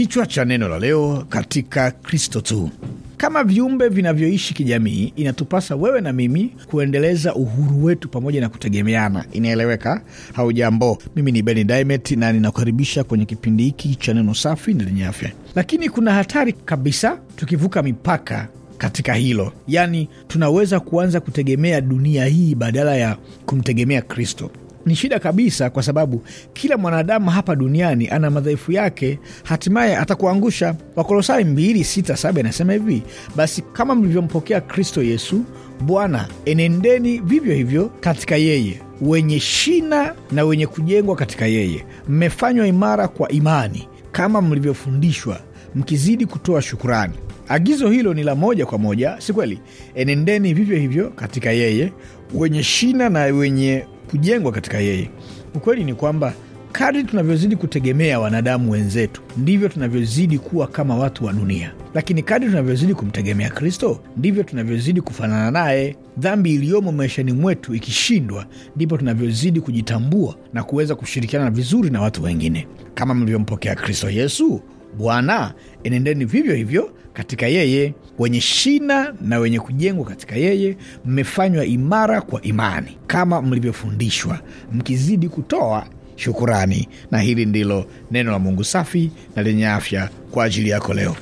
Kichwa cha neno la leo katika Kristo tu. Kama viumbe vinavyoishi kijamii, inatupasa wewe na mimi kuendeleza uhuru wetu pamoja na kutegemeana. Inaeleweka? Haujambo, mimi ni Beni Dimet na ninakukaribisha kwenye kipindi hiki cha neno safi na lenye afya. Lakini kuna hatari kabisa tukivuka mipaka katika hilo, yaani tunaweza kuanza kutegemea dunia hii badala ya kumtegemea Kristo. Ni shida kabisa, kwa sababu kila mwanadamu hapa duniani ana madhaifu yake, hatimaye atakuangusha. Wakolosai 2:6-7 inasema hivi: basi kama mlivyompokea Kristo Yesu Bwana, enendeni vivyo hivyo katika yeye, wenye shina na wenye kujengwa katika yeye, mmefanywa imara kwa imani, kama mlivyofundishwa, mkizidi kutoa shukurani. Agizo hilo ni la moja kwa moja, si kweli? Enendeni vivyo hivyo katika yeye, wenye shina na wenye kujengwa katika yeye. Ukweli ni kwamba kadri tunavyozidi kutegemea wanadamu wenzetu ndivyo tunavyozidi kuwa kama watu wa dunia, lakini kadri tunavyozidi kumtegemea Kristo ndivyo tunavyozidi kufanana naye. Dhambi iliyomo maishani mwetu ikishindwa, ndipo tunavyozidi kujitambua na kuweza kushirikiana vizuri na watu wengine. Kama mlivyompokea Kristo Yesu, Bwana, enendeni vivyo hivyo katika yeye, wenye shina na wenye kujengwa katika yeye, mmefanywa imara kwa imani, kama mlivyofundishwa, mkizidi kutoa shukurani. Na hili ndilo neno la Mungu safi na lenye afya kwa ajili yako leo.